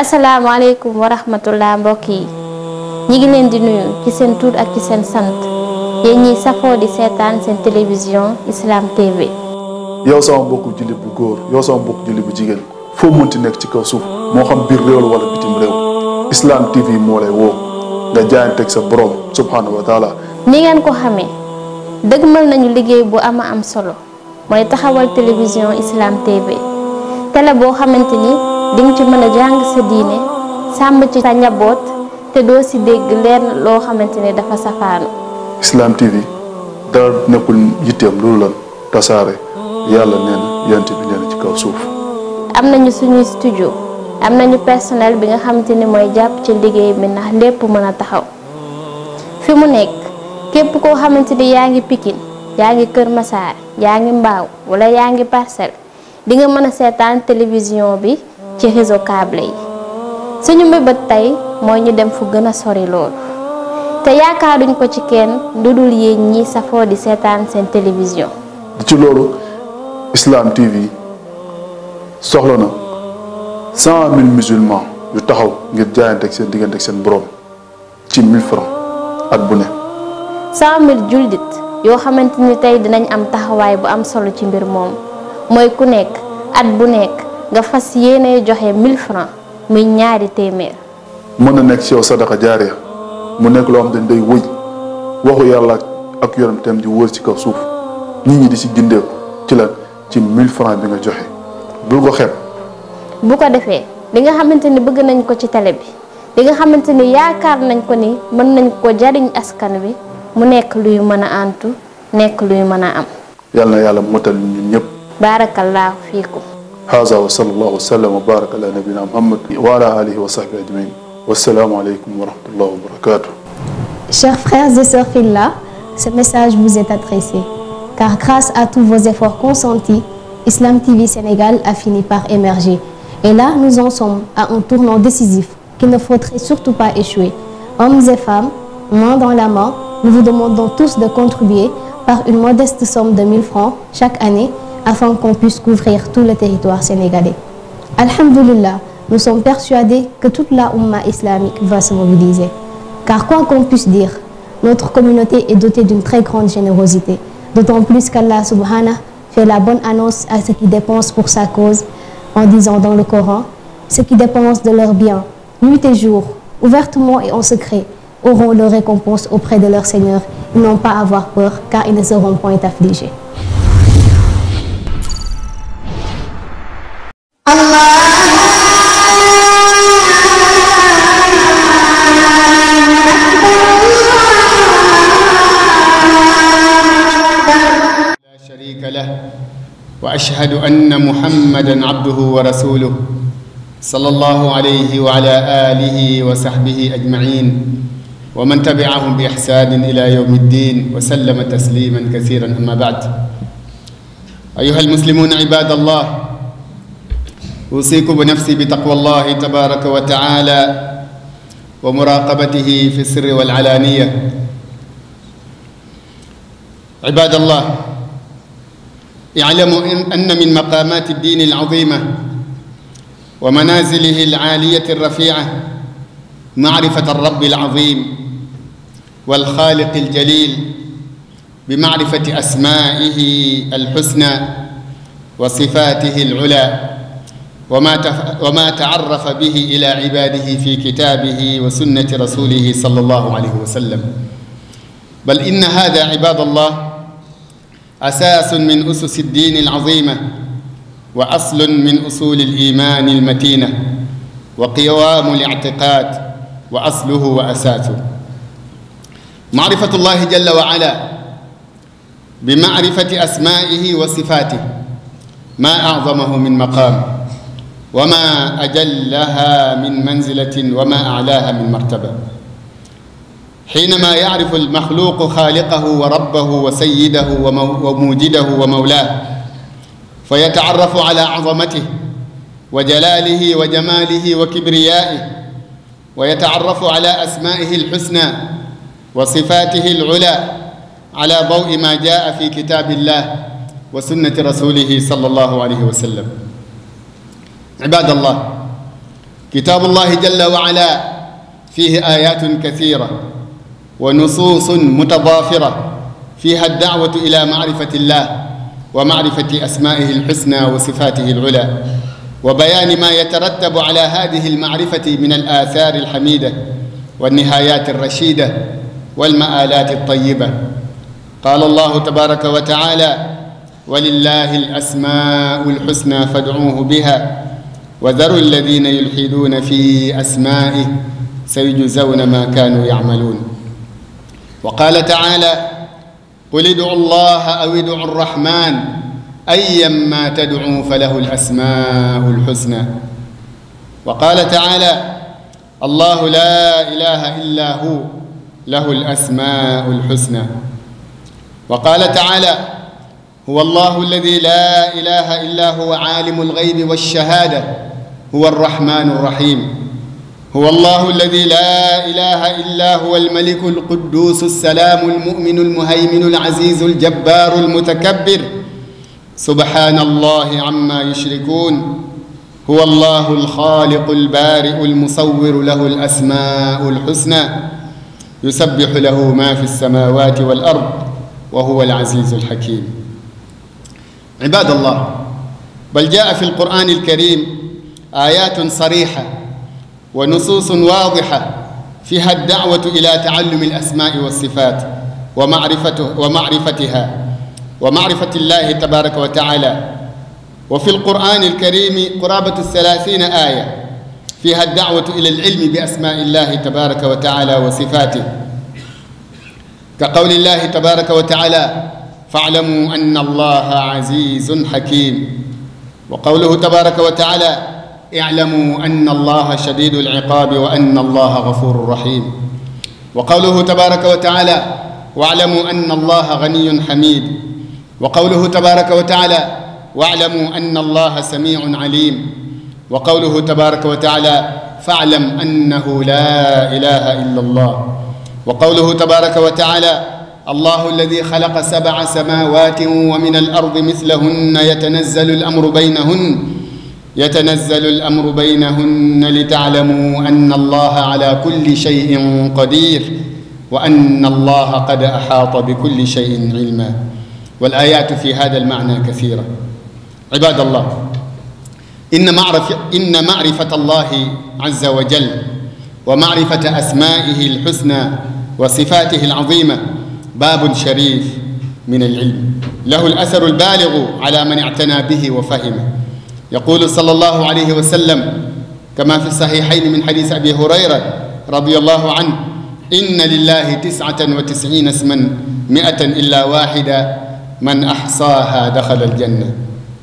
Assalamualaikum warahmatullahi wabarakatuh. ñi ngi len di nuyu ci sen tour ak ci sen sante yéen ñi safo di setan sen télévision islam tv yow sama bokku julli bu góor yow sama bokku julli bu jigéen foo munti nek ci kaw suuf mo xam bir rew wala bitim rew islam tv mo lay woo nga ak sa borom subhanahu wa taala ni ngeen ko xamee dëgmal nañu liggéey bu ama am solo moy taxawal télévision islam tv tele bo xamanteni di nga ci mën a jàng sa diine sàmm ci sa njaboot te doo ci dégg lenn loo xamante ne dafa safaanu. Islam TV dara nekkul yitteem loolu lan tasaare yàlla nee yant bi nee ci kaw suuf. am nañu suñuy studio am nañu personnel bi nga xamante ni mooy jàpp ci liggéey bi ndax lépp mën a taxaw fi mu nekk képp koo xamante ni yaa ngi Pikine yaa ngi Kër Massar yaa ngi Mbaaw wala yaa ngi parcel di nga mën a seetaan télévision bi. ci réseau câble yi suñu mbébét tey mooy ñu dem fu gën a sori loolu te yaakaaruñ ko ci kenn lu dul yéen ñi safoo di seetaan seen télévision. ci loolu Islam TV soxla na cent mille musulmans yu taxaw ngir jaayanteeg seen digganteeg seen boroom ci mille francs at bu ne. cent yoo xamante ni tey dinañ am taxawaay bu am solo ci mbir moom mooy ku nekk at bu nekk. nga fas yéene joxe mille francs muy ñaari téeméer. mën na nekk ci yow sadaqa jaariya mu nekk loo xam ne day wëy waxu yàlla ak yoram tam di wër ci kaw suuf nit ñi di ci gindeeku ci la ci 1000 francs bi nga joxe bul ko xeeb. bu ko defee li nga xamante ni bëgg nañ ko ci télé bi li nga xamante ni yaakaar nañ ko ni mën nañ ko jariñ askan bi mu nekk luy mën a antu nekk luy mën a am. yàlla na yàlla motal ñun ñëpp. baarakallaahu fiikum. Chers frères et sœurs filles ce message vous est adressé. Car grâce à tous vos efforts consentis, Islam TV Sénégal a fini par émerger. Et là, nous en sommes à un tournant décisif qu'il ne faudrait surtout pas échouer. Hommes et femmes, main dans la main, nous vous demandons tous de contribuer par une modeste somme de 1000 francs chaque année afin qu'on puisse couvrir tout le territoire sénégalais. Alhamdulillah, nous sommes persuadés que toute la Ummah islamique va se mobiliser. Car quoi qu'on puisse dire, notre communauté est dotée d'une très grande générosité, d'autant plus qu'Allah subhanahu fait la bonne annonce à ceux qui dépensent pour sa cause en disant dans le Coran, ceux qui dépensent de leurs biens, nuit et jour, ouvertement et en secret, auront leur récompense auprès de leur Seigneur. et n'ont pas à avoir peur car ils ne seront point affligés. واشهد ان محمدا عبده ورسوله صلى الله عليه وعلى اله وصحبه اجمعين ومن تبعهم باحسان الى يوم الدين وسلم تسليما كثيرا اما بعد ايها المسلمون عباد الله اوصيكم بنفسي بتقوى الله تبارك وتعالى ومراقبته في السر والعلانيه عباد الله اعلموا أن من مقامات الدين العظيمة ومنازله العالية الرفيعة معرفة الرب العظيم والخالق الجليل بمعرفة أسمائه الحسنى وصفاته العلى وما وما تعرف به إلى عباده في كتابه وسنة رسوله صلى الله عليه وسلم بل إن هذا عباد الله أساس من أسس الدين العظيمة وأصل من أصول الإيمان المتينة وقوام الاعتقاد وأصله وأساسه معرفة الله جل وعلا بمعرفة أسمائه وصفاته ما أعظمه من مقام وما أجلها من منزلة وما أعلاها من مرتبة حينما يعرف المخلوق خالقه وربه وسيده وموجده ومولاه فيتعرف على عظمته وجلاله وجماله وكبريائه ويتعرف على أسمائه الحسنى وصفاته العلى على ضوء ما جاء في كتاب الله وسنة رسوله صلى الله عليه وسلم عباد الله كتاب الله جل وعلا فيه آيات كثيرة ونصوص متضافرة فيها الدعوة إلى معرفة الله ومعرفة أسمائه الحسنى وصفاته العلى وبيان ما يترتب على هذه المعرفة من الآثار الحميدة والنهايات الرشيدة والمآلات الطيبة قال الله تبارك وتعالى ولله الأسماء الحسنى فادعوه بها وذروا الذين يلحدون في أسمائه سيجزون ما كانوا يعملون وقال تعالى قل ادعوا الله أو ادعوا الرحمن أيما تدعوا فله الأسماء الحسنى وقال تعالى الله لا إله إلا هو له الأسماء الحسنى وقال تعالى هو الله الذي لا إله إلا هو عالم الغيب والشهادة هو الرحمن الرحيم هو الله الذي لا إله إلا هو الملك القدوس السلام المؤمن المهيمن العزيز الجبار المتكبر سبحان الله عما يشركون هو الله الخالق البارئ المصور له الأسماء الحسنى يسبح له ما في السماوات والأرض وهو العزيز الحكيم عباد الله بل جاء في القرآن الكريم آيات صريحة ونصوص واضحة فيها الدعوة إلى تعلم الأسماء والصفات ومعرفته ومعرفتها ومعرفة الله تبارك وتعالى وفي القرآن الكريم قرابة الثلاثين آية فيها الدعوة إلى العلم بأسماء الله تبارك وتعالى وصفاته كقول الله تبارك وتعالى فاعلموا أن الله عزيز حكيم وقوله تبارك وتعالى اعلموا أن الله شديد العقاب وأن الله غفور رحيم وقوله تبارك وتعالى واعلموا أن الله غني حميد وقوله تبارك وتعالى واعلموا أن الله سميع عليم وقوله تبارك وتعالى فاعلم أنه لا إله إلا الله وقوله تبارك وتعالى الله الذي خلق سبع سماوات ومن الأرض مثلهن يتنزل الأمر بينهن يتنزل الامر بينهن لتعلموا ان الله على كل شيء قدير وان الله قد احاط بكل شيء علما والايات في هذا المعنى كثيره عباد الله ان معرفه ان معرفه الله عز وجل ومعرفه اسمائه الحسنى وصفاته العظيمه باب شريف من العلم له الاثر البالغ على من اعتنى به وفهمه يقول صلى الله عليه وسلم كما في الصحيحين من حديث أبي هريرة رضي الله عنه إن لله تسعة وتسعين اسما مئة إلا واحدة من أحصاها دخل الجنة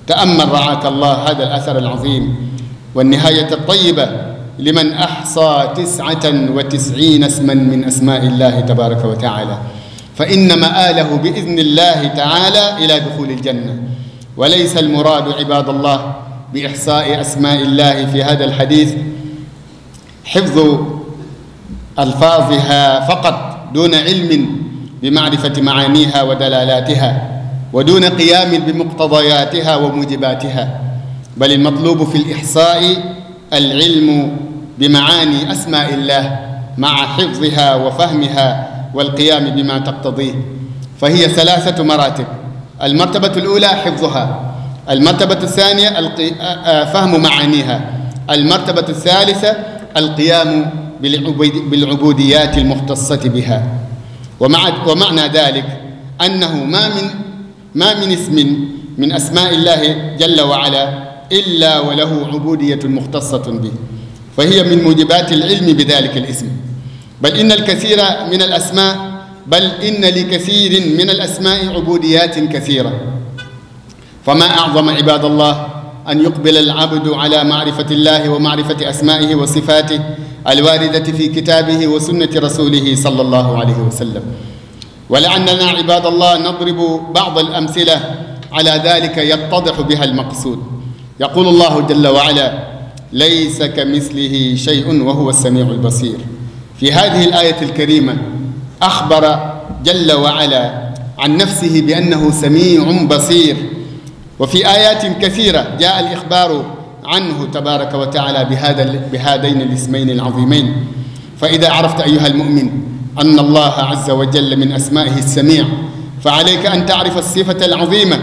تأمل رعاك الله هذا الأثر العظيم والنهاية الطيبة لمن أحصى تسعة وتسعين اسما من أسماء الله تبارك وتعالى فإن مآله بإذن الله تعالى إلى دخول الجنة وليس المراد عباد الله بإحصاء أسماء الله في هذا الحديث حفظ ألفاظها فقط دون علم بمعرفة معانيها ودلالاتها ودون قيام بمقتضياتها وموجباتها بل المطلوب في الإحصاء العلم بمعاني أسماء الله مع حفظها وفهمها والقيام بما تقتضيه فهي ثلاثة مراتب المرتبة الأولى حفظها المرتبة الثانية آه، آه، فهم معانيها المرتبة الثالثة القيام بالعبوديات المختصة بها ومعنى ذلك أنه ما من ما من اسم من أسماء الله جل وعلا إلا وله عبودية مختصة به فهي من موجبات العلم بذلك الاسم بل إن الكثير من الأسماء بل إن لكثير من الأسماء عبوديات كثيرة فما أعظم عباد الله أن يقبل العبد على معرفة الله ومعرفة أسمائه وصفاته الواردة في كتابه وسنة رسوله صلى الله عليه وسلم ولعلنا عباد الله نضرب بعض الأمثلة على ذلك يتضح بها المقصود يقول الله جل وعلا ليس كمثله شيء وهو السميع البصير في هذه الآية الكريمة أخبر جل وعلا عن نفسه بأنه سميع بصير وفي آيات كثيرة جاء الإخبار عنه تبارك وتعالى بهذا بهذين الاسمين العظيمين فإذا عرفت أيها المؤمن أن الله عز وجل من أسمائه السميع فعليك أن تعرف الصفة العظيمة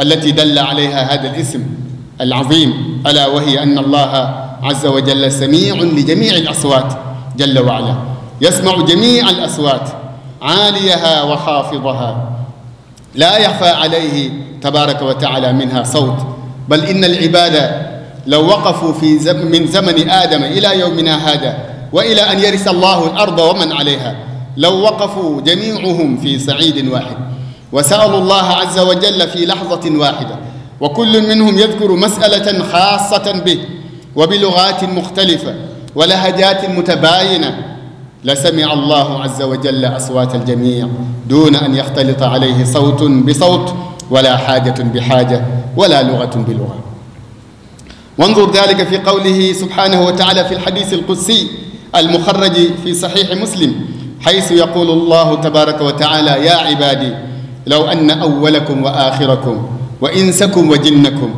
التي دل عليها هذا الاسم العظيم ألا وهي أن الله عز وجل سميع لجميع الأصوات جل وعلا يسمع جميع الأصوات عاليها وخافضها لا يخفى عليه تبارك وتعالى منها صوت بل إن العباد لو وقفوا في زم من زمن آدم إلى يومنا هذا وإلى أن يرث الله الأرض ومن عليها لو وقفوا جميعهم في صعيد واحد وسألوا الله عز وجل في لحظة واحدة وكل منهم يذكر مسألة خاصة به وبلغات مختلفة ولهجات متباينة لسمع الله عز وجل أصوات الجميع دون أن يختلط عليه صوت بصوت ولا حاجة بحاجة ولا لغة بلغة وانظر ذلك في قوله سبحانه وتعالى في الحديث القدسي المخرج في صحيح مسلم حيث يقول الله تبارك وتعالى يا عبادي لو أن أولكم وآخركم وإنسكم وجنكم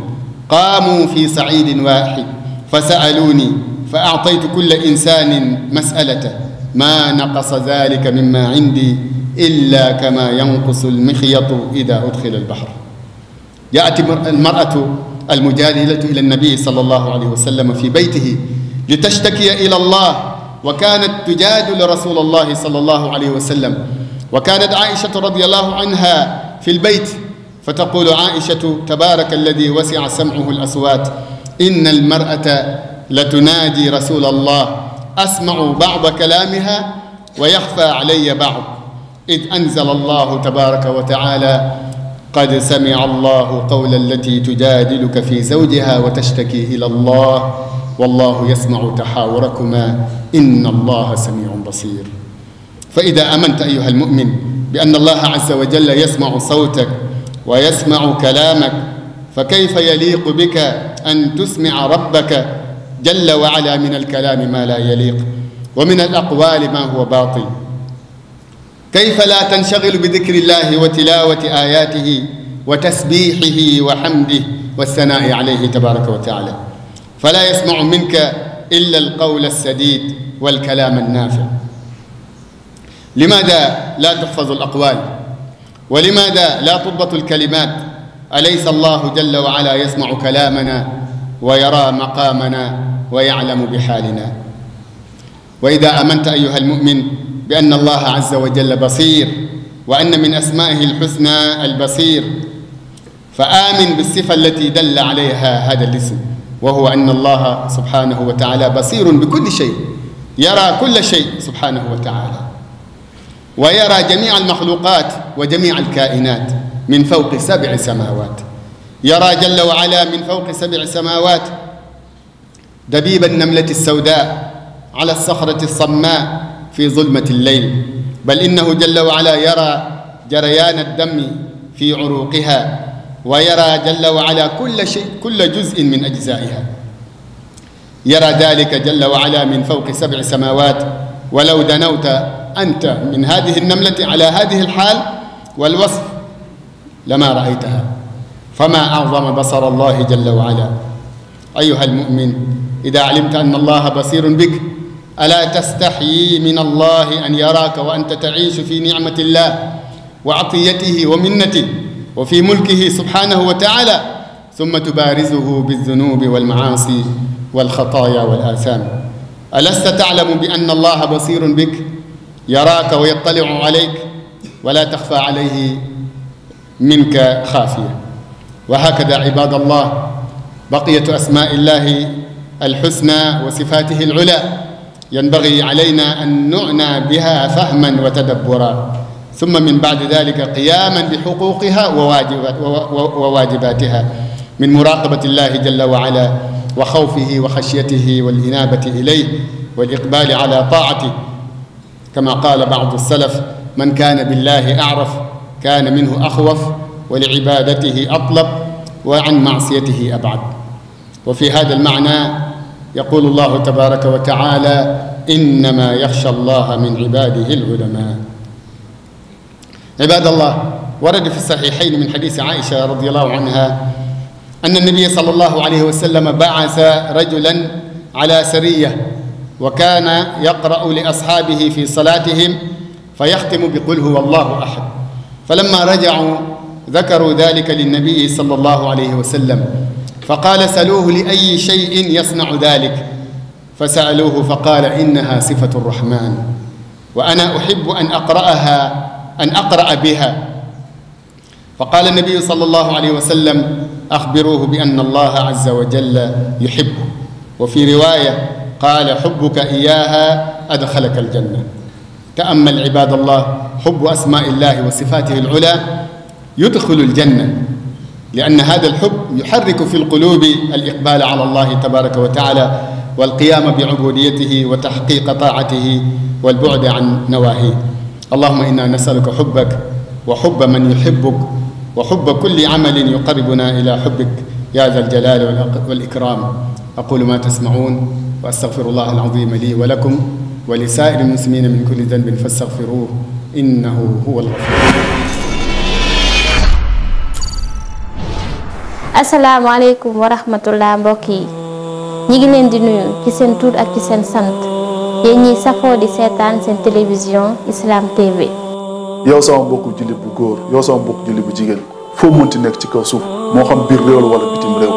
قاموا في صعيد واحد فسألوني فأعطيت كل إنسان مسألته ما نقص ذلك مما عندي إلا كما ينقص المخيط إذا أدخل البحر يأتي المرأة المجادلة إلى النبي صلى الله عليه وسلم في بيته لتشتكي إلى الله وكانت تجادل رسول الله صلى الله عليه وسلم وكانت عائشة رضي الله عنها في البيت فتقول عائشة تبارك الذي وسع سمعه الأصوات إن المرأة لتناجي رسول الله أسمع بعض كلامها ويخفى علي بعض إذ أنزل الله تبارك وتعالى قد سمع الله قول التي تجادلك في زوجها وتشتكي إلى الله والله يسمع تحاوركما إن الله سميع بصير فإذا أمنت أيها المؤمن بأن الله عز وجل يسمع صوتك ويسمع كلامك فكيف يليق بك أن تسمع ربك جل وعلا من الكلام ما لا يليق ومن الأقوال ما هو باطل كيف لا تنشغل بذكر الله وتلاوة آياته وتسبيحه وحمده والثناء عليه تبارك وتعالى فلا يسمع منك إلا القول السديد والكلام النافع لماذا لا تحفظ الأقوال ولماذا لا تضبط الكلمات أليس الله جل وعلا يسمع كلامنا ويرى مقامنا ويعلم بحالنا وإذا آمنت أيها المؤمن بأن الله عز وجل بصير وأن من أسمائه الحسنى البصير فآمن بالصفة التي دل عليها هذا الاسم وهو أن الله سبحانه وتعالى بصير بكل شيء يرى كل شيء سبحانه وتعالى ويرى جميع المخلوقات وجميع الكائنات من فوق سبع سماوات يرى جل وعلا من فوق سبع سماوات دبيب النملة السوداء على الصخرة الصماء في ظلمة الليل بل إنه جل وعلا يرى جريان الدم في عروقها ويرى جل وعلا كل شيء كل جزء من أجزائها يرى ذلك جل وعلا من فوق سبع سماوات ولو دنوت أنت من هذه النملة على هذه الحال والوصف لما رأيتها فما أعظم بصر الله جل وعلا أيها المؤمن إذا علمت أن الله بصير بك ألا تستحيي من الله أن يراك وأنت تعيش في نعمة الله وعطيته ومنته وفي ملكه سبحانه وتعالى ثم تبارزه بالذنوب والمعاصي والخطايا والآثام ألست تعلم بأن الله بصير بك يراك ويطلع عليك ولا تخفى عليه منك خافية وهكذا عباد الله بقية أسماء الله الحسنى وصفاته العلى ينبغي علينا أن نعنى بها فهما وتدبرا ثم من بعد ذلك قياما بحقوقها وواجباتها من مراقبة الله جل وعلا وخوفه وخشيته والإنابة إليه والإقبال على طاعته كما قال بعض السلف من كان بالله أعرف كان منه أخوف ولعبادته أطلب وعن معصيته أبعد وفي هذا المعنى يقول الله تبارك وتعالى انما يخشى الله من عباده العلماء عباد الله ورد في الصحيحين من حديث عائشه رضي الله عنها ان النبي صلى الله عليه وسلم بعث رجلا على سريه وكان يقرا لاصحابه في صلاتهم فيختم بقل هو الله احد فلما رجعوا ذكروا ذلك للنبي صلى الله عليه وسلم فقال سألوه لأي شيء يصنع ذلك فسألوه فقال إنها صفة الرحمن وأنا أحب أن أقرأها أن أقرأ بها فقال النبي صلى الله عليه وسلم أخبروه بأن الله عز وجل يحبه وفي رواية قال حبك إياها أدخلك الجنة تأمل عباد الله حب أسماء الله وصفاته العلى يدخل الجنة لأن هذا الحب يحرك في القلوب الإقبال على الله تبارك وتعالى والقيام بعبوديته وتحقيق طاعته والبعد عن نواهيه اللهم إنا نسألك حبك وحب من يحبك وحب كل عمل يقربنا إلى حبك يا ذا الجلال والإكرام أقول ما تسمعون وأستغفر الله العظيم لي ولكم ولسائر المسلمين من كل ذنب فاستغفروه إنه هو الغفور Assalamualaikum warahmatullahi wabarakatuh. ñi ngi len di nuyu ci sen tour ak ci sen sant ye ñi safo di setan sen télévision Islam TV. yow sama mbokku jullit bu góor yow sama mbokku jullit bu jigéen foo munti nek ci kaw suuf mo xam bir rew wala bitim rew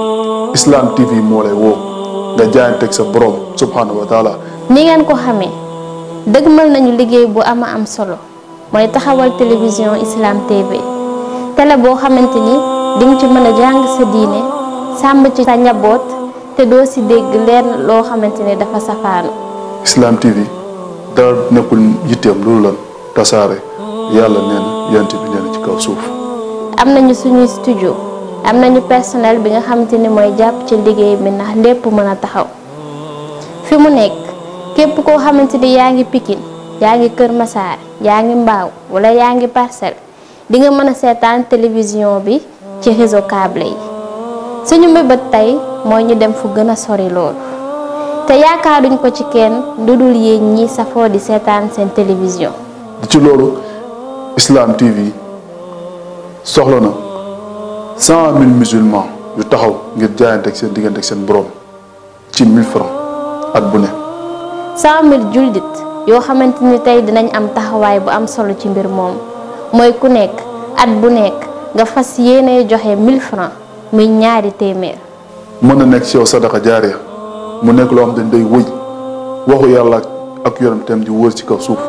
Islam TV mo lay woo nga ak sa borom subhanahu wa taala. ni ngeen ko xamee deugmal nañu liggéey bu ama am solo moy taxawal télévision Islam TV télé bo xamanteni di nga ci mën a jàng sa diine sàmm ci sa njaboot te doo ci dégg lenn loo xamante ne dafa safaanu. Islam TV dara nekkul yitteem loolu lan tasaare yàlla nee na yant bi nee ci kaw suuf. am nañu suñuy studio am nañu personnel bi nga xamante ni mooy jàpp ci liggéey bi ndax lépp mën a taxaw fi mu nekk képp koo xamante ni yaa ngi Pikine yaa ngi Kër Massar yaa ngi Mbaaw wala yaa ngi Parcelles di nga mën a seetaan télévision bi. ci réseau câble yi suñu mébét tey mooy ñu dem fu gën a sori loolu te yaakaaruñ ko ci kenn lu dul yéen ñi safoo di seetaan seen télévision. ci loolu Islam TV soxla na cent mille musulmans yu taxaw ngir jaayanteeg seen digganteeg seen borom ci mille francs at bu ne. cent yoo xamante ni tey dinañ am taxawaay bu am solo ci mbir moom mooy ku nekk at bu nekk. nga fas yéene joxe 1000 francs muy ñaari téeméer. mën na nekk ci yow sadaka jaariya mu nekk loo xam te day wëy waxu yàlla ak yoram itam di wër ci kaw suuf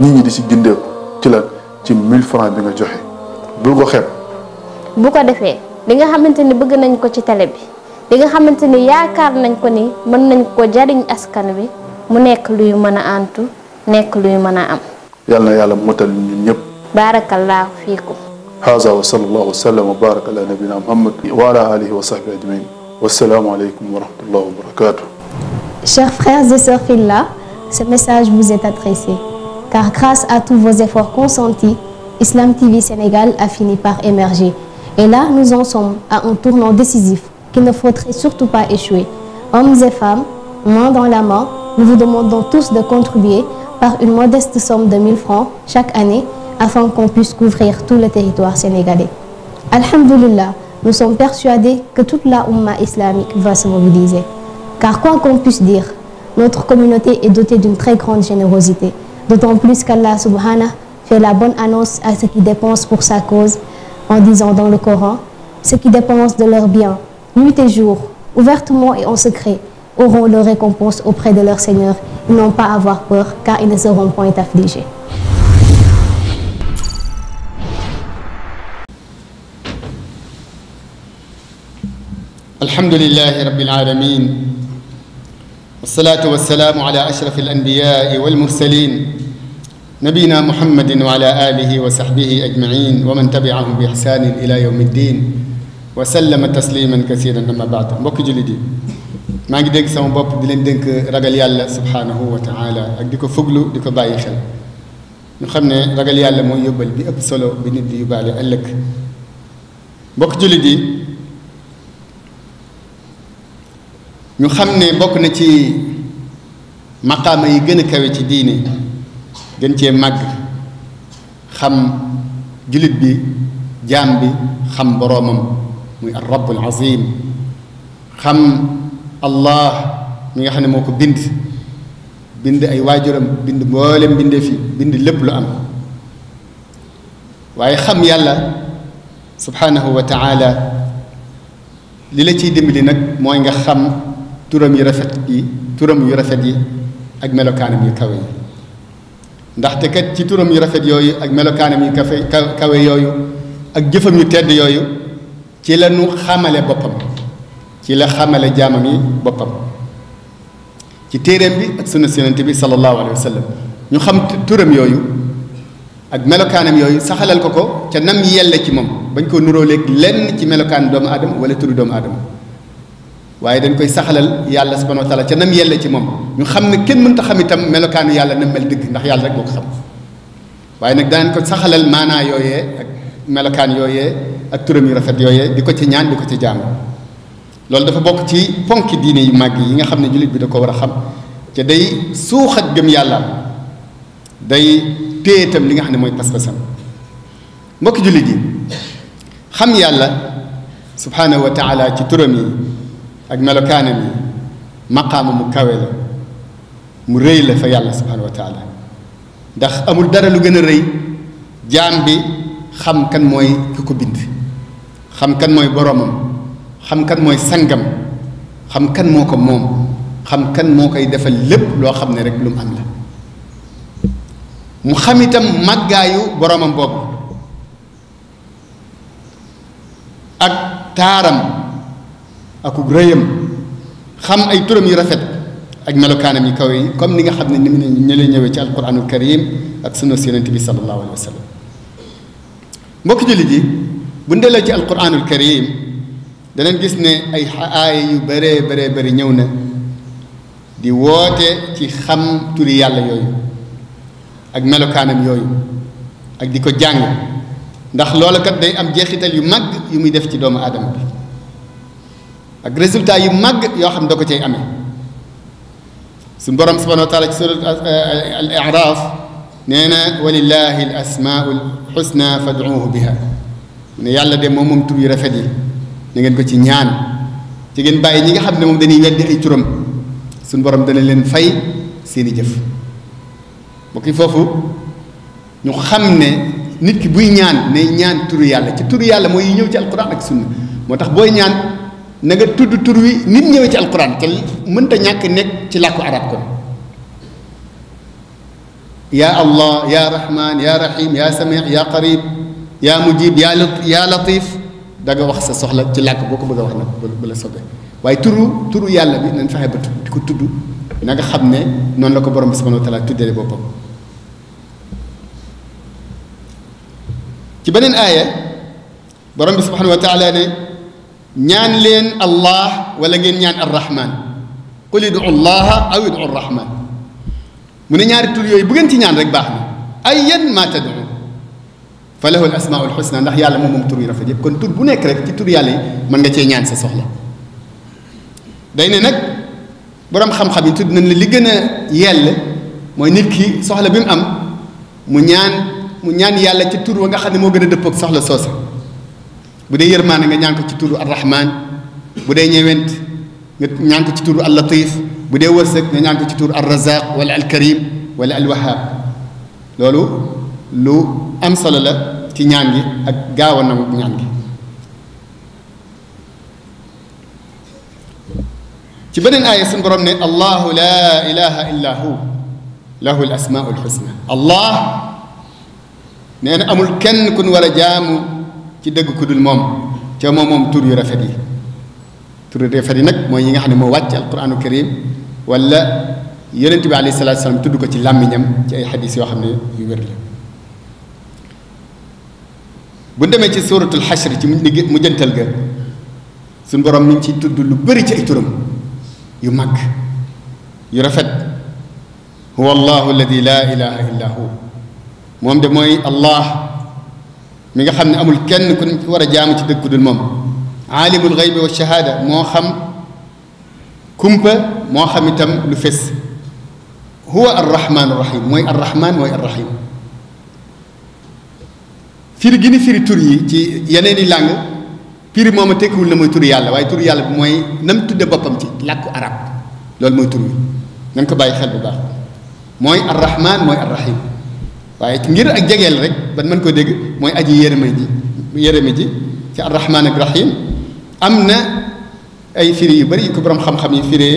nit ñi di ci gindee ci la ci 1000 francs bi nga joxe bul ko xeeb. bu ko defee li nga xamante ni bëgg nañ ko ci télé bi li nga xamante ni yaakaar nañ ko ni mën nañ ko jariñ askan bi mu nekk luy mën a antu nekk luy mën a am. yàlla na yàlla motal ñun ñëpp. baarakallaahu fiikum. chers frères et sœurs filles-là, ce message vous est adressé car grâce à tous vos efforts consentis Islam TV Sénégal a fini par émerger et là nous en sommes à un tournant décisif qu'il ne faudrait surtout pas échouer hommes et femmes main dans la main nous vous demandons tous de contribuer par une modeste somme de 1000 francs chaque année afin qu'on puisse couvrir tout le territoire sénégalais. Alhamdulillah, nous sommes persuadés que toute la Ummah islamique va se mobiliser. Car quoi qu'on puisse dire, notre communauté est dotée d'une très grande générosité, d'autant plus qu'Allah subhanahu fait la bonne annonce à ceux qui dépensent pour sa cause en disant dans le Coran, ceux qui dépensent de leurs biens, nuit et jour, ouvertement et en secret, auront leur récompense auprès de leur Seigneur. et n'ont pas à avoir peur car ils ne seront point affligés. الحمد لله رب العالمين والصلاة والسلام على أشرف الأنبياء والمرسلين نبينا محمد وعلى آله وصحبه أجمعين ومن تبعهم بإحسان إلى يوم الدين وسلم تسليما كثيرا أما بعد mbokk jullit yi maa ngi dénk sama bopp di leen dénk ragal yàlla subhaanahu wa taala ak di ko fuglu di ko bàyyi xel ñu xam ne ragal yàlla mooy yóbbal bi ëpp solo bi nit di yóbbaale ëllëg mbokk jullit yi ñu xamne bok na ci maqama yi gëna kawe ci diine gën ci mag xam julit bi jaam bi xam boromam muy ar rabbul azim xam allah mi nga xamne moko bind bind ay wajuram bind mboolem bindé fi bind lépp lu am waye xam yàlla subhanahu wa taala li la ci dimbali nak moy nga xam turam yu rafet yi turam yu rafet yi ak melokaanam yu kawe yi ndaxte kat ci turam yu rafet yooyu ak melokaanam yu kafe kawe yooyu ak jëfam yu tedd yooyu ci la nu xamale boppam ci la xamale jaamam yi boppam ci téeréem bi ak sunna yonent bi sallallahu alayhi wa ñu xam turam yooyu ak melokaanam yooyu saxalal ko ko ca nam yelle ci moom bañ ko nuróoleeg lenn ci melokaan doomu aadama wala turu doomu aadama waye dañ koy saxalal yàlla subhanahu wa taala ci nam yella ci mom ñu xamne kenn mënta xam itam melokanu yàlla na mel dëgg ndax yàlla rek boko xam waye nak dañ ko saxalal mana yoyé ak melokan yoyé ak turam yu rafet yoyé diko ci ñaan diko ci jaamu loolu dafa bok ci ponki diine yu mag yi nga xamne julit bi da ko wara xam ci day suxat gëm yàlla day teetam li nga xamne moy mooy mbokk julit yi xam yàlla subhanahu wa taala ci turam yi ak melokaanam yi maqaama mu kawe la mu rëy la fa yàlla subhanahu wa taala ndax amul dara lu gën a rëy jaam bi xam kan mooy ki ko bind xam kan mooy boroomam xam kan mooy sangam xam kan moo ko moom xam kan moo koy defal lépp loo xam ne rek lu mu am la mu xam itam màggaayu boroomam boobu ak taaram akub rëyam xam ay turam yu rafet ak melokaanam yu kaw yi comme ni nga xam ne ni mu ne ñu lay ñëwee ci alquranul karim ak sunna si bi sallallahu alayhi wa sallam mbokk jullit yi bu ndelee ci alquranul karim danañ gis ne ay aaya yu bare bëree bëri ñëw na di woote ci xam turi yàlla yooyu ak melokaanam yooyu ak di ko jàng ndax loola day am jeexital yu mag yu muy def ci doomu aadama bi ak résultat yu mag yo xam da ko cay amé sun borom subhanahu wa taala ci surat al iraf nee walillahi al asmaul husna fad'uuhu biha ne yàlla de moom moom tur yu rafet yi na ngeen ko ci ñaan ci ngeen bàyyi ñi nga xam ne moom dañuy weddi ay turam sun borom dana leen fay seen jëf bokki fofu ñu xam ne nit ki buy ñaan ne ñaan turu yàlla ci turu yàlla moy ñëw ci al-qur'an ak sunna motax boy ñaan nga tuddu tur wi nit ñëwé ci alquran te mënta ñak nek ci làkku arab ko ya allah ya rahman ya rahim ya samiix ya qarib ya mujib yaa ya latif da nga wax sa soxla ci làkk boko bëgg wax nak bu la sobe way turu turu yàlla bi nañ fexe ba diko tuddu tudd na nga xam ne la ko borom subhanahu wa taala tuddee bopam ci benen aya borom subhanahu wa taala ne نيان لين الله ولا نيان الرحمن قل ادعوا الله او ادعوا الرحمن من نيار تول يوي بوغنتي نيان رك باخنا ايا ما تدعو فله الاسماء الحسنى نخ يالا موم موم توري رافي كون تور بو نيك رك تي تور يالي من نغا تي نيان سا سوخلا داي ني نك بروم خام خابي تود نان لي غينا يال موي نيت كي سوخلا بيم ام مو نيان مو نيان يالا تي تور وغا خاني مو غينا ديبوك سوخلا سوسا bu dee yërmaane nga ñaan ci turu arrahman bu dee ñeewent nga ñaan ci turu allatif bu dee wërsëg nga ñaan ko ci turu arrazaq wala alkarim wala alwahab loolu lu am solo la ci ñaan gi ak gaaw a nangu ñaan gi ci beneen aaya suñu borom ne allahu laa ilaha illa hu lahu al allah nee amul kenn kun war jaamu ci deug ku dul mom ca mom mom tur yu rafet yi tur rafet yi nak moy yi nga xamne mo moo wàcc alquranu karim wala yaronte bi alayhi salatu wasallam tuddu ko ci lamiñam ci ay hadith yo xamne yu wér la bu ndeme ci suratul xashr ci mu jëntal ga suñ borom ni ci tuddu lu bëri ci ay turum yu mag yu rafet huwa allahu alladi laa ilaha illa hu moom de mooy allah mi nga xam ne amul kenn ku war a jaamu ci dëkk dul moom aalimul xaybi wa shahaada moo xam kumpa moo xam itam lu fés huwa arrahmaanu rahim mooy arrahmaan mooy arrahim firi gi ni firi tur yi ci yeneen i làng firi moom a tekkiwul na mooy tur yàlla waaye tur yàlla bi mooy nam tudde boppam ci làkku arab loolu mooy tur yi nañ ko bàyyi xel bu baax mooy arrahmaan mooy arrahim waaye ngir ak jegeel rek ban mën koo dégg mooy aji yërëma ji yërëma ji ci arrahman ak rahim am na ay firi yu bari yu ko borom xam-xam yi firee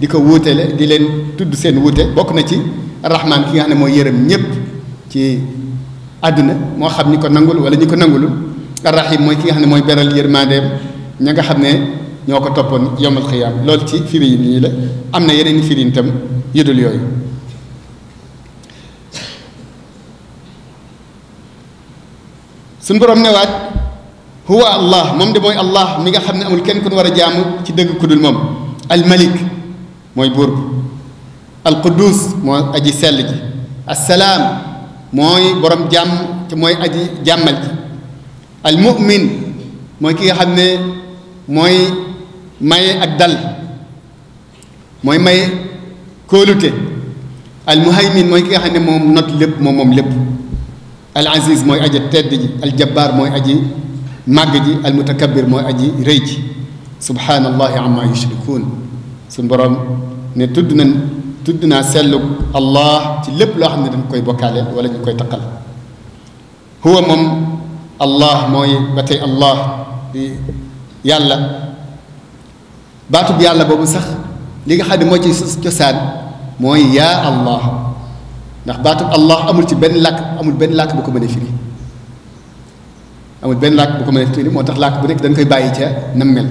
di ko wuutele di leen tudd seen wuute bokk na ci arrahman ki nga xam ne mooy yërëm ñëpp ci àdduna moo xam ñi ko nangul wala ñi ko nangulul arrahim mooy ki nga xam ne mooy beral yërmandeem ña nga xam ne ñoo ko toppoon yowmal xiyaam loolu ci firi yi nii la am na yeneen i firi itam yudul yooyu sun borom ne wat huwa allah mom de moy allah mi nga xamne amul ken ku wara jamu ci deug ku dul moom al malik moy bur al qudus moy aji sel ji salam moy borom jam ci moy aji jamal ji al mu'min moy ki nga xamne moy may ak dal moy may kolute al muhaymin moy ki nga xamne mom not lépp mom mom lépp العزيز موي اجي تيد الجبار موي اجي ماغدي المتكبر موي اجي ريج سبحان الله عما يشركون سن بروم ني تودنا تودنا سلو الله تي ليب لو خاندي دنجكاي بوكال ولا نكاي تقال هو مم الله موي باتي الله يالا باتو يالا بوبو صح ليغا خاندي موي تي موي يا الله ndax baatub allah amul ci ben lak amul ben lak bu ko mën firi amul ben lak bu ko mën firi motax lak bu nekk dang koy bàyyi ci nam mel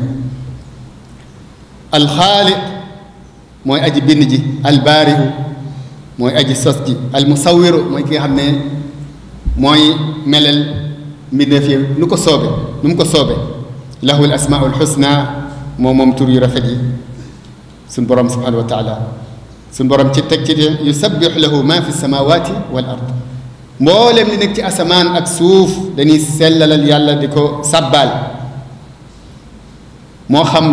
khaliq moy aji bin ji al bari moy aji sos ji al musawwir moy ki xamne moy melal minef yi nu ko sobe num ko sobe lahu al asma al husna mom mom tur yu rafet yi suñ borom subhanahu wa taala سنبرم تتكتي يسبح له ما في السماوات والأرض مولم لنكتي أسمان أكسوف لني سلل يالا ديكو سبال موخم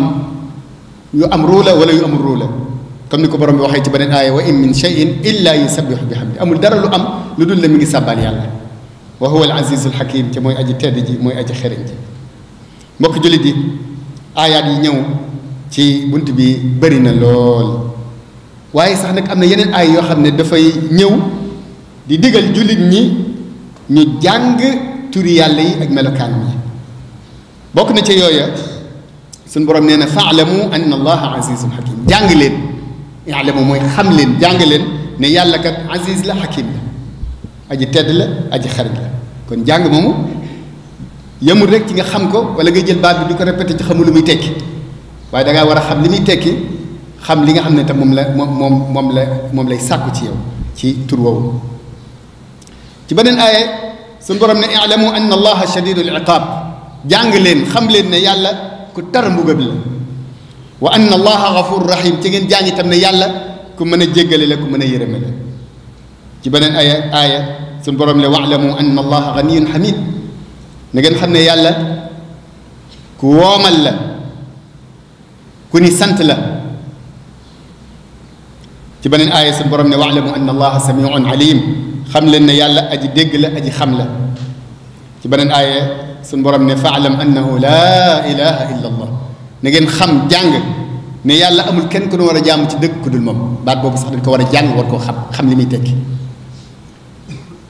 يأمرو ولا يأمرو كم نكو برم بوحي تبنين آية وإن من شيء إلا يسبح بحمد أمو الدرر لو أم لدول لمن سبال يالا وهو العزيز الحكيم تموي أجي تدجي موي أجي خيرين جي موك دي آيات ينيو تي بنت بي برين اللول waye sax nak amna yeneen ay yo xamne da fay ñëw di diggal julit ñi ñu jàng tur yàlla yi ak melokan yi bok na ca yooya suñ borom neena fa'lamu anna allaha azizun hakim jàng leen ya'lamu moy xam leen jàng leen ne yàlla kat aziz la hakim la aji tedd la aji xarit la kon jàng momu yamul rek ci nga xam ko wala nga jël baat bi di ko ci xamul lu muy tekki waye da nga wara xam limi tekki xam li nga xamne ne mom la mom moom la mom lay sàkku ci yow ci tur wo ci beneen aaye suñu borom ne ilamu anna allaha shadidul iqaab jàng leen xam leen ne yàlla ku tar mbugab la wa anna allaha gafur rahim ci ngeen jàng itam ne yàlla ku mën a la ku mën yërëme la ci beneen aya aaya suñu borom ne waalamu anna allaha ganiyun hamid na ngeen xam yàlla ku woomal la ku ni sant la ci benen aya sun borom ne wa'lamu anna allaha samiun alim xam leen ne yàlla aji deg la aji xam la ci benen aya sun borom ne fa'lam annahu laa ilaha illa allah ne ngeen xam jàng ne yàlla amul ken ko wara jam ci deg ku dul moom baat bobu sax dañ ko wara a jàng war ko xam xam limi tek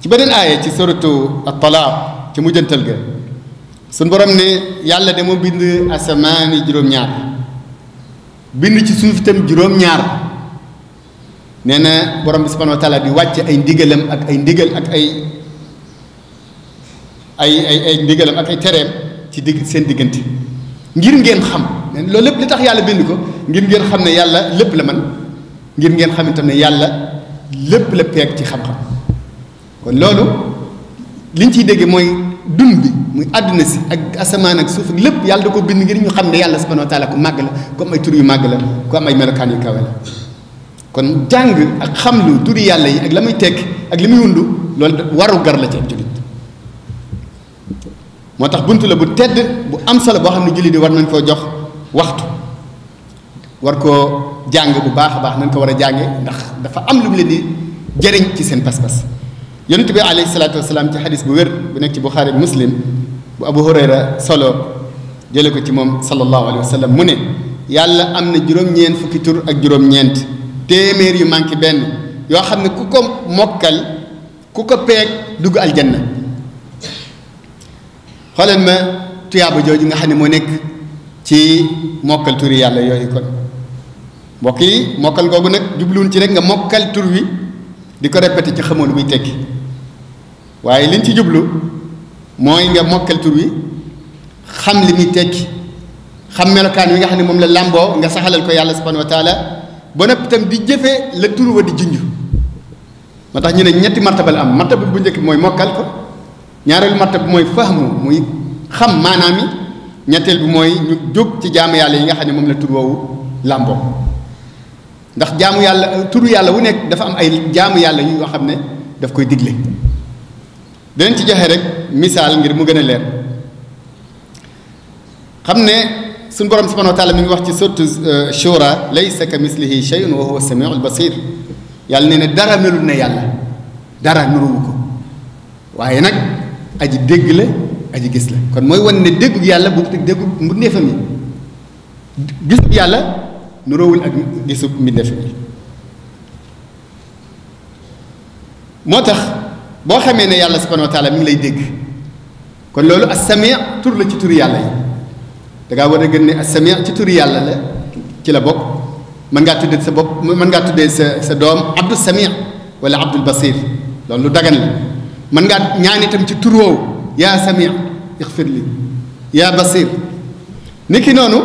ci benen aya ci suratu at talaq ci mujjantal ga suñ borom ne yàlla de mo bind asmani juróom-ñaar bind ci suuf tam juróom-ñaar nee na borom bi subhanahu wa taala di wàcc ay ndigalam ak ay ndigal ak ay ay ay ay ndigalam ak ay tereem ci digg seen diggante ngir ngeen xam nee na lépp li tax yàlla bind ko ngir ngeen xam ne yàlla lépp la man ngir ngeen xam itam yàlla lépp la pek ci xam-xam kon loolu liñ ci dégge moy dund bi muy aduna ci ak asaman ak suuf lépp yàlla da ko bind ngir ñu xam ne yàlla subhanahu wa taala ku màgg la ku ay tur yu màgg la ku am ay melokaan yu kawe la kon jàng ak xamlu turi yàlla yi ak lamuy tek ak limuy wundu lol waru gar la ci ab jullit moo tax la bu tedd bu am solo bo xamni julit di war nañ ko jox waxtu war ko jàng bu baax baax nañ ko wara jànge ndax dafa am lu leen di jëriñ ci sen pass pass yonent bi alayhi salatu wassalam ci hadith bu wér bu nek ci bukhari muslim bu abu hurayra solo jële ko ci mom sallallahu alayhi wasallam mune yàlla amna na juróom-ñeent fukki tur ak juróom-ñeent téeméer yu manqué benn yoo xam ne ku ko mokkal ku ko peeg dugg aljanna xoolal ma tuyaaba jooju nga xam ne moo nekk ci mokkal turi yàlla yooyu kon mbokk yi mokkal googu nag jubluwun ci rek nga mokkal tur wi di ko répété ci xamoon muy tekki waaye liñ ci jublu mooy nga mokkal tur wi xam li muy tekki xam melokaan wi nga xam ne moom la làmboo nga saxalal ko yàlla subhanahu wa taala ba noppi itam di jëfee la tur wa di junj moo tax ñu ne ñetti martabal am martaba bu njëkk mooy mokkal ko ñaareelu martaba bi mooy fahmu muy xam maanaam yi ñetteel bi mooy ñu jóg ci jaamu yàlla yi nga xam ne moom la tur woowu làmboo yàlla turu yàlla wu nekk dafa am ay jaamu yàlla yu nga xam ne daf koy digle danañ ci joxe rek misaal ngir mu gën a leer xam ne سن بروم سبحانه وتعالى مي واخ سي سوره شورى ليس كمثله شيء وهو السميع البصير يال نينا دارا ملو ني يالا دارا نورومكو وايي نك ادي دغ لا ادي غيس موي وان ني دغ يالا بو دغ مو نيفامي غيس يالا نورول اك غيس مي نيفامي موتاخ بو خامي ني سبحانه وتعالى مي لاي دغ كون لولو السميع تور لا سي تور يالا da ngaa war a gën ne asami ci turi yàlla la ci la bokk mën ngaa tuddee sa bopp mën ngaa tuddee sa sa doom abdou sami wala abdul basir loolu lu dagan la mën ngaa ñaan itam ci tur woowu yaa sami ixfir li yaa basir niki noonu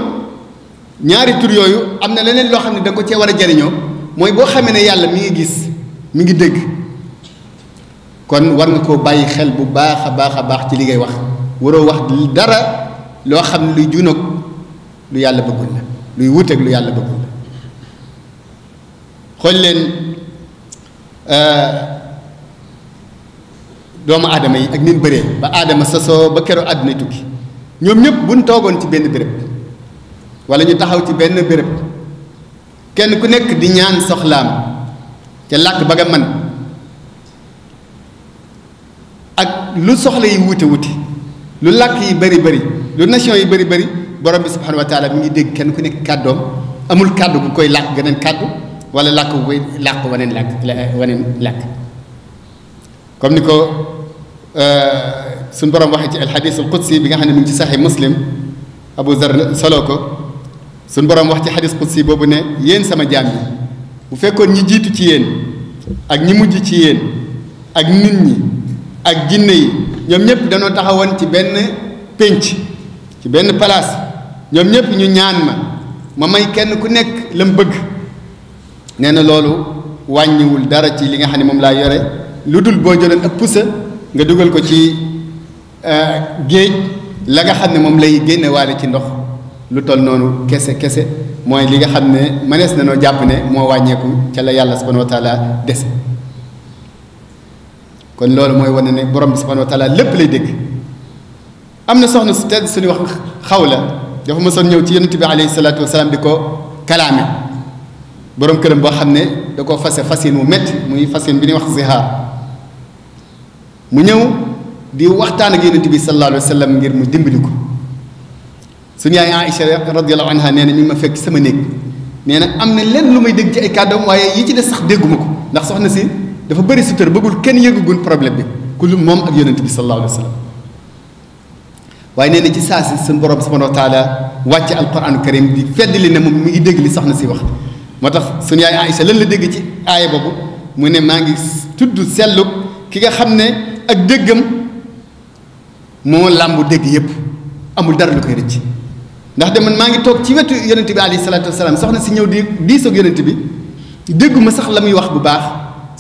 ñaari tur yooyu am na leneen loo xam ne da nga ko cee war a jariñoo mooy boo ne yàlla mi ngi gis mi ngi dégg kon war nga koo bàyyi xel bu baax a baax ci li wax waroo wax dara lo xamni luy junoog lu yàlla bëggul la luy wut ak lu yàlla bëggul la xool leen doomu aadama yi ak nin bëree ba adama sasoo ba kero adna tukki ñom ñep buñ togon ci benn bërepp wala ñu taxaw ci benn bërepp kenn ku nekk di ñaan soxlaam ci lak ba nga man ak lu soxla yi wuté wuute lu lak yi bari bari lu nation yi bëri bëri borom bi subhanahu wa ngi dégg kenn ku nekk kàddoom amul kàddu bu koy làkk geneen kàddu wala làkk bu koy làkk waneen làkk waneen làkk comme ni ko euh, suñ borom waxee ci alxadis alqudsi bi nga xam ne mu ngi ci saxi muslim abu zar solo ko suñ borom wax ci xadis qudsi boobu ne yéen sama jaam yi bu fekkoon ñi jiitu ci yéen ak ñi mujj ci yéen ak nit ñi ak jinne yi ñoom ñëpp dañoo taxawoon ci benn pénc ci benn place ñoom ñëpp ñu ñaan ma ma may kenn ku nekk la mu bëgg nee na loolu wàññiwul dara ci li nga xam ne moom laa yore lu dul boo jëloon ak pusa nga dugal ko ci euh, géej la xam ne moom lay génne waale ci ndox lu toll noonu kese kese mooy li nga xam ne mënees na noo jàpp ne moo wàññeeku ca la yàlla subhanahu wa taala dese kon loolu mooy wane ne borom bi subhanahu wa taala lépp lay dégg أمنا صحن استاد سني وخ خولة يوم مسون يوتي نتبع عليه الصلاة والسلام بكو كلامه برم كلام بحنة دكو فس فسين ومت مي فسين بني وخ زهار منيو دي وقت أنا جينا تبي صلى الله عليه وسلم غير مدين بلوكو سني أيها عائشة رضي الله عنها نين مي ما فيك سمنك نين أمن لين لو ما يدك جاي كادم ويا يجي ده صح دعو مكو نخ صحن سين دفع بري ستر بقول كني يجو جون problem كل مم أجينا تبي صلى الله عليه وسلم وأنا أنا سنبور رب سبحانه أنا واتي القرآن الكريم أنا فدل لنا مم أنا لي صحن سيبخ أنا تخ سنيا عائشة أنا لدق تي آية أنا من مانجي تدو أنا كي خمنة أدقم أنا لامو دق يب أمو دار لو كيرتي نهدم من مانجي توك تي وتو ينتبه عليه الصلاة والسلام صحن سنيو دي دي سو ينتبه دق مسخ لم يوخ بباخ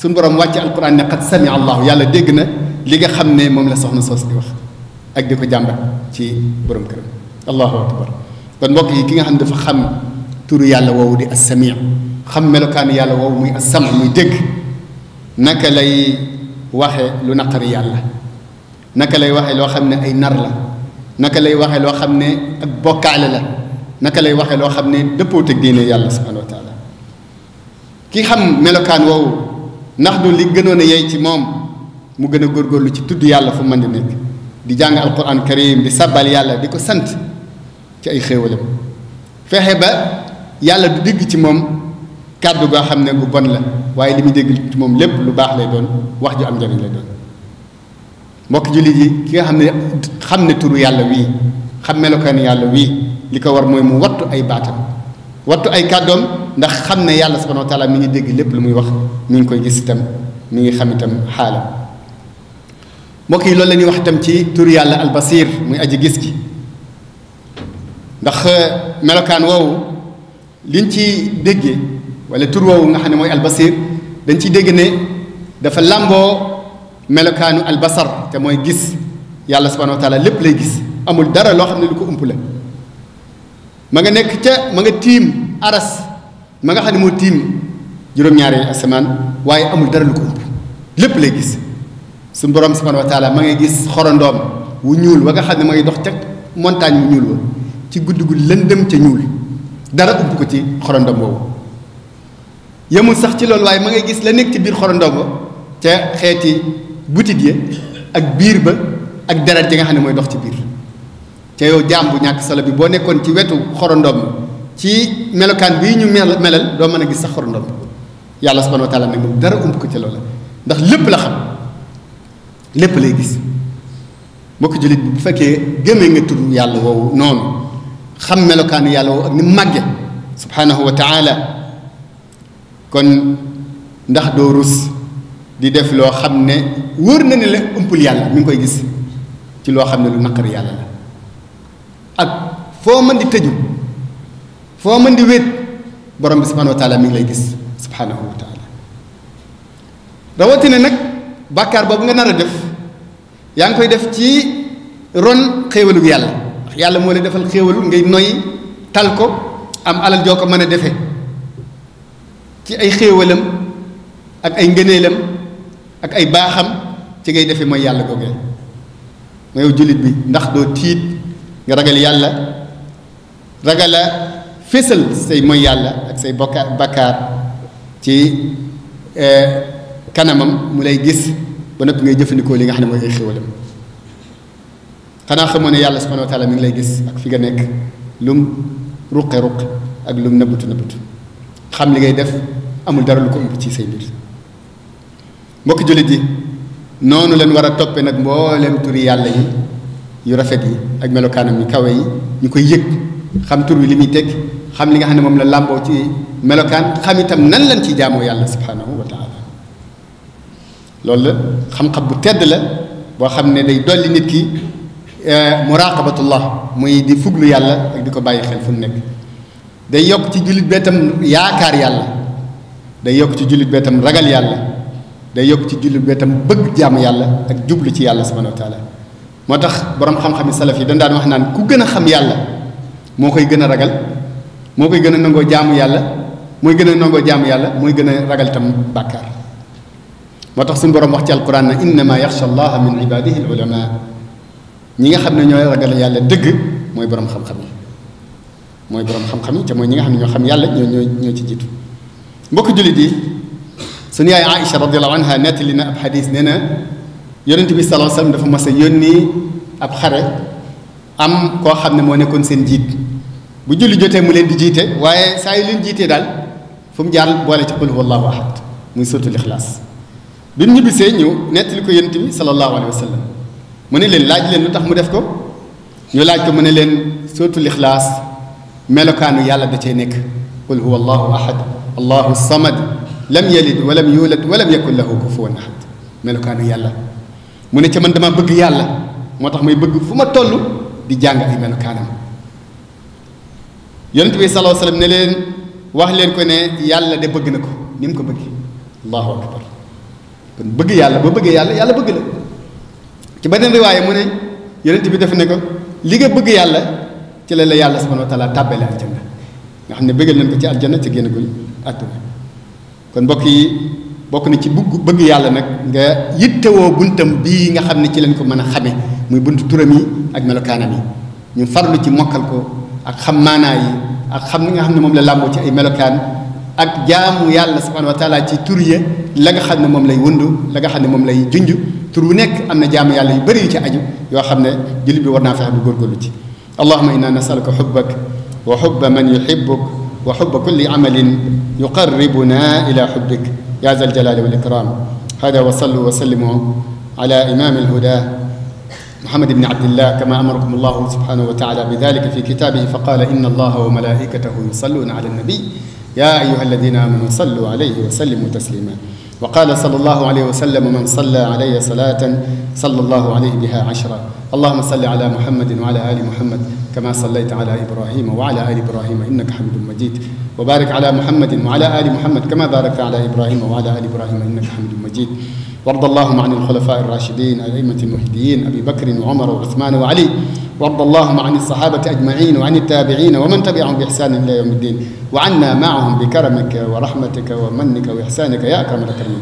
سنبور رب واتي القرآن نقد سمع الله يلا دقنا لقى خمنة مم لصحن سوسي وخ ak di ko jàmbat ci borom këram allahu akbar kon mbokk yi ki nga xam ne dafa xam turu yàlla woowu di assamia xam melokaanu yàlla woowu muy assam muy dégg naka lay waxe lu naqari yàlla naka lay waxe loo xam ne ay nar la naka lay waxe loo xam ak bokkaale la naka lay waxe loo xam ne diine yàlla subhanahu wa taala ki xam melokaan woowu ndax du li gënoon a ci moom mu gën a góorgóorlu ci tudd yàlla fu mën di nekk di jàng alquran karim di sabbal yàlla di ko sant ci ay xewalam fexe ba yàlla du deg ci mom kàddu go xamne gu bon la waye limi deg ci mom lépp lu bax lay don wax ju am njariñ lay don mbok julli ji ki nga xamne xamne turu yàlla wii xam melokaani yàlla wi liko war moy mu wattu ay batam wattu ay kaddom ndax xamne yàlla subhanahu wa taala mi ngi deg lépp lu muy wax mi ngi koy gis tam mi ngi xam itam xaalam mbokki yi loolu la ñuy wax tam ci tur yàlla al basir muy aji gis gi ndax melokaan woowu liñ ci déggee wala tur woowu nga xam ne mooy basir dañ ci dégg ne dafa làmboo melokaanu basar te mooy gis yàlla subhanahu wa taala lépp lay gis amul dara loo xam ne lu ko ump la ma nga nekk ca ma nga tiim aras ma nga xam ne moo tiim juróom-ñaari asamaan waaye amul dara lu ko ump lépp lay gis suñu borom subhanahu wa taala ma ngay gis xorandoom wu ñuul wa nga xam ne ma ngay dox ca montagne wu ñuul wa ci guddi gu lëndëm ca ñuul dara ëpp ko ci xorandoom boobu yemul sax ci loolu waaye ma ngay gis la nekk ci biir xorandoom ba ca xeeti butit ya ak biir ba ak deret ji nga xam ne mooy dox ci biir te yow jaam bu ñàkk solo bi boo nekkoon ci wetu xorandoom ci melokaan bii ñu mel melal doo mën a gis sax xorandoom yàlla subhanahu wa taala nag moom dara ëpp ko ci loolu ndax lépp la xam lépp lay gis mbokk jullit bi bu fekke geme nga tudd yàlla wo non xam melokan yàlla wo ak ni màgge subhanahu wa taala kon ndax do rus di def lo xamne ne wóor na ne la umpul yàlla mi ngi koy gis ci lo xamne lu nakar yàlla la ak fo man di tëju fo man di wet borom subhanahu wa taala mi ngi lay gis subhanahu wa taala rawati ne nak bakar bobu nga nara def yang koy def ci ron xewalu yàlla yàlla mo lay defal xewalu ngay noy tal ko am alal joko ko defe ci ay xewalam ak ay ngeeneelam ak ay baxam ci ngay defe moy yàlla googee moy yow julit bi ndax do tit nga ragal yàlla ragala fessel say moy yàlla ak say bakar ci euh كنامم ملاجس بنات مجيفني كولي عن مريخ ولم كنا خمون يالله سبحانه وتعالى ملاجس أكفي عنك لوم رق رق أقلوم نبوت نبوت خام لي جيدف أمول دار لكم بتشي سيبير مك جل دي نون ولن ورا توب بنات مولم توري يالله يرافدي أجملو كنامي كاوي نكو يك خام توري ليميتك خام لي عن مملا لامبوتي ملكان خام نلنتي جامو يالله سبحانه وتعالى loolu la xam-xam bu di fuglu yàlla ak di ko bàyyi xel fu mu nekk day yokk ci jullit bee tam yaakaar yàlla day yokk ci jullit bee tam ragal yàlla day yokk ci jullit koy gën a ragal jaamu yàlla mooy gën a jaamu yàlla mooy gën ragal tam bàkkaar moo tax suñu borom wax ci alquran na innama yaxsha allaha min ibadihi al ulama ñi nga xam ne ñooy ragal yàlla dëgg mooy borom xam-xam yi mooy borom xam-xam yi te mooy ñi nga xam ne ñoo xam yàlla ñoo ñoo ñoo ci jiitu mbokk jullit yi suñu yaay Aïcha radiallahu anha nettali na ab xadis nee na yonent bi sallallahu alayhi wasallam dafa mas a yónni ab xare am koo xam ne moo nekkoon seen jiit bu julli jotee mu leen di jiite waaye saa yu leen jiitee daal fu mu jaar boole ci qul huwallahu ahad muy suratul ixlaas bim ñibi ñibbisee ñëw nettali ko yent bi sallallahu alayhi wasallam mune len laaj len lutax mu def ko ñu laaj ko mune len leen ikhlas melokanu yàlla da cey nek qul huwallahu ahad allahu samad lam yalid wa lam yulad wa lam yakul lahu kufuwan ahad melokanu yàlla mune ci man dama bëgg yàlla motax may bëgg fuma tollu di jàng ay melokanam yonent bi sallallahu alayhi wasallam ne len wax len ko ne yàlla de bëgg nako nim ko bëgg allahu akbar kon bëgg yàlla boo bëggee yàlla yàlla bëgg la ci beneen riwaaye mu ne yonent bi def ne ko li nga bëgg yàlla ci la la yàlla subhanahu wa taala tàbbale aljanna nga xam ne bëggal nañ ko ci aljanna ci génn guñ àdduna kon mbokk yi bokk na ci bëgg bëgg yàlla nag nga yittewoo buntam bii nga xam ne ci leen ko mën a xamee muy buntu turam yi ak melokaanam yi ñu far farlu ci mokkal ko ak xam maanaa yi ak xam li nga xam ne moom la làmboo ci ay melokaan ak jaamu yàlla subhanahu wa taala ci tour ye la nga xamne mom lay wundu la nga xamne mom lay jundju tour wu nek amna jaamu yàlla yu bari ci aju yo xamne ne jullit bi war naa gor gor lu ci allahumma inna nasaluka hubbak wa hubb man yuhibbuk wa hubb kulli amalin yuqarribuna ila hubbik ya zal jalali wal ikram hada wa sallu wa sallimu على إمام الهدى محمد بن عبد الله كما امركم الله سبحانه وتعالى بذلك في كتابه فقال ان الله وملائكته يصلون على النبي يا أيها الذين آمنوا صلوا عليه وسلموا تسليما وقال صلى الله عليه وسلم من صلى علي صلاة صلى الله عليه بها عشرا اللهم صل على محمد وعلى آل محمد كما صليت على إبراهيم وعلى آل إبراهيم إنك حمد مجيد وبارك على محمد وعلى آل محمد كما باركت على إبراهيم وعلى آل إبراهيم إنك حمد مجيد وارض اللهم عن الخلفاء الراشدين الأئمة المهديين أبي بكر وعمر وعثمان وعلي وارض اللهم عن الصحابة أجمعين وعن التابعين ومن تبعهم بإحسان إلى يوم الدين وعنا معهم بكرمك ورحمتك ومنك وإحسانك يا أكرم الأكرمين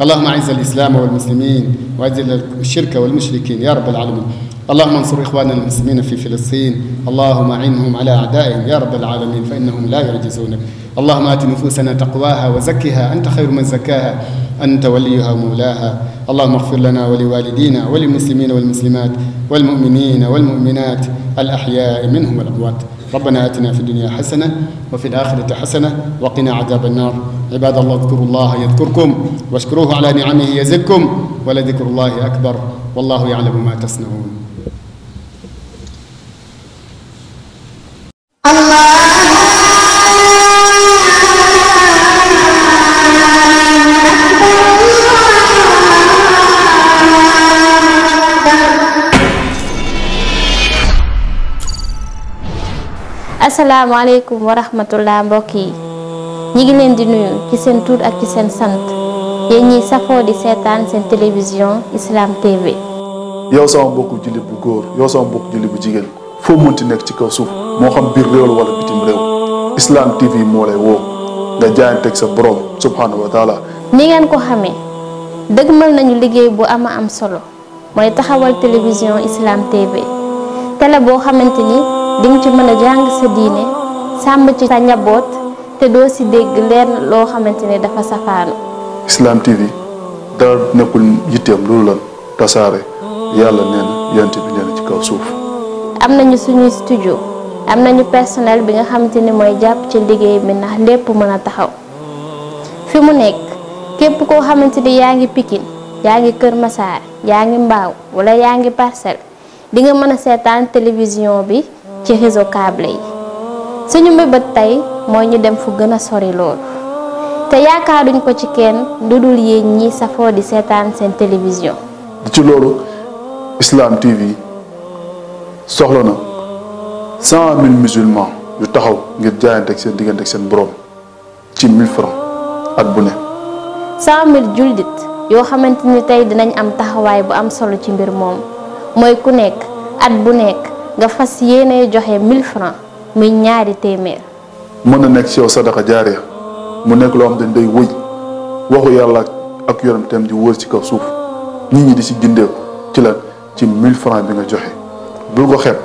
اللهم أعز الإسلام والمسلمين واعز الشرك والمشركين يا رب العالمين اللهم انصر إخواننا المسلمين في فلسطين اللهم أعنهم على أعدائهم يا رب العالمين فإنهم لا يعجزونك اللهم آت نفوسنا تقواها وزكها أنت خير من زكاها أنت وليها مولاها اللهم اغفر لنا ولوالدينا وللمسلمين والمسلمات والمؤمنين والمؤمنات الأحياء منهم والأموات ربنا آتنا في الدنيا حسنة وفي الآخرة حسنة وقنا عذاب النار عباد الله اذكروا الله يذكركم واشكروه على نعمه يزدكم ولذكر الله أكبر والله يعلم ما تصنعون Assalamualaikum wa rahmatullah mbokk yi ñi ngi leen di nuyu ci sen tour ak ci sen sante yéen ñi safo di setan sen télévision islam tv yow sama mbokku julli bu goor yow sama mbokku julli bu jigéen foo munti nek ci kaw suuf mo xam bir rew wala bitim rew islam tv mo lay woo nga ak sa borom subhanahu wa taala ni ngeen ko xame dëgmal nañu liggey bu ama am solo moy taxawal télévision islam tv tele bo xamanteni di nga ci mën a jàng sa diine sàmm ci sa njaboot te doo ci dégg lenn loo xamante ne dafa safaanu. Islam TV dara nekkul yitteem loolu lan tasaare yàlla nee yant bi nee na ci kaw suuf. am nañu suñuy studio am nañu personnel bi nga xamante ni mooy jàpp ci liggéey bi ndax lépp mën a taxaw fi mu nekk képp koo xamante ni yaa ngi Pikine yaa ngi Kër Massar yaa ngi Mbaaw wala yaa ngi parcel di nga mën a seetaan télévision bi. ci réseau câble yi suñu mbébét tey mooy ñu dem fu gën a sori loolu te yaakaaruñ ko ci kenn lu dul yéen ñi safoo di seetaan seen télévision. ci loolu Islam TV soxla na cent mille musulmans yu taxaw ngir jaayanteeg seen digganteeg seen boroom ci mille francs at bu ne. cent mille yoo xamante ni tey dinañ am taxawaay bu am solo ci mbir moom mooy ku nekk at bu nekk. nga fas yéene joxe 1000 francs muy ñaari téeméer. mën na nekk ci yow sadaqa jaariya mu nekk loo xam dañ day wëy waxu yàlla ak yoram tam di wër ci kaw suuf nit ñi di ci gindeeku ci la ci 1000 francs bi nga joxe bul ko xeeb.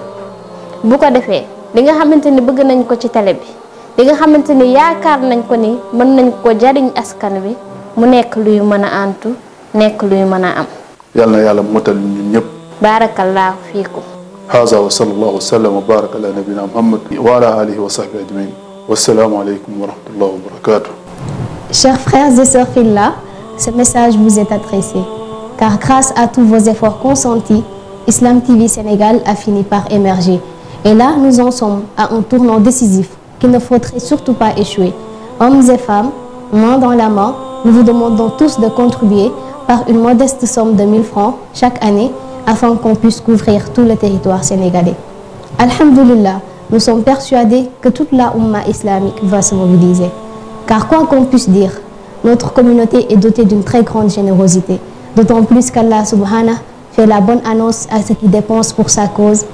bu ko defee li nga xamante ni bëgg nañ ko ci télé bi li nga xamante ni yaakaar nañ ko ni mën nañ ko jariñ askan bi mu nekk luy mën a antu nekk luy mën a am. yàlla na yàlla motal ñun ñëpp. baarakallaahu fiikum. Chers frères et sœurs filles-là, ce message vous est adressé. Car grâce à tous vos efforts consentis, Islam TV Sénégal a fini par émerger. Et là, nous en sommes à un tournant décisif qu'il ne faudrait surtout pas échouer. Hommes et femmes, main dans la main, nous vous demandons tous de contribuer par une modeste somme de 1000 francs chaque année afin qu'on puisse couvrir tout le territoire sénégalais. Alhamdulillah, nous sommes persuadés que toute la Ummah islamique va se mobiliser. Car quoi qu'on puisse dire, notre communauté est dotée d'une très grande générosité, d'autant plus qu'Allah subhanahu fait la bonne annonce à ceux qui dépensent pour sa cause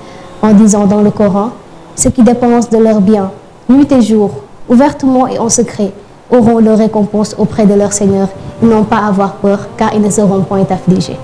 en disant dans le Coran, ceux qui dépensent de leurs biens, nuit et jour, ouvertement et en secret, auront leur récompense auprès de leur Seigneur. Ils n'ont pas à avoir peur car ils ne seront point affligés.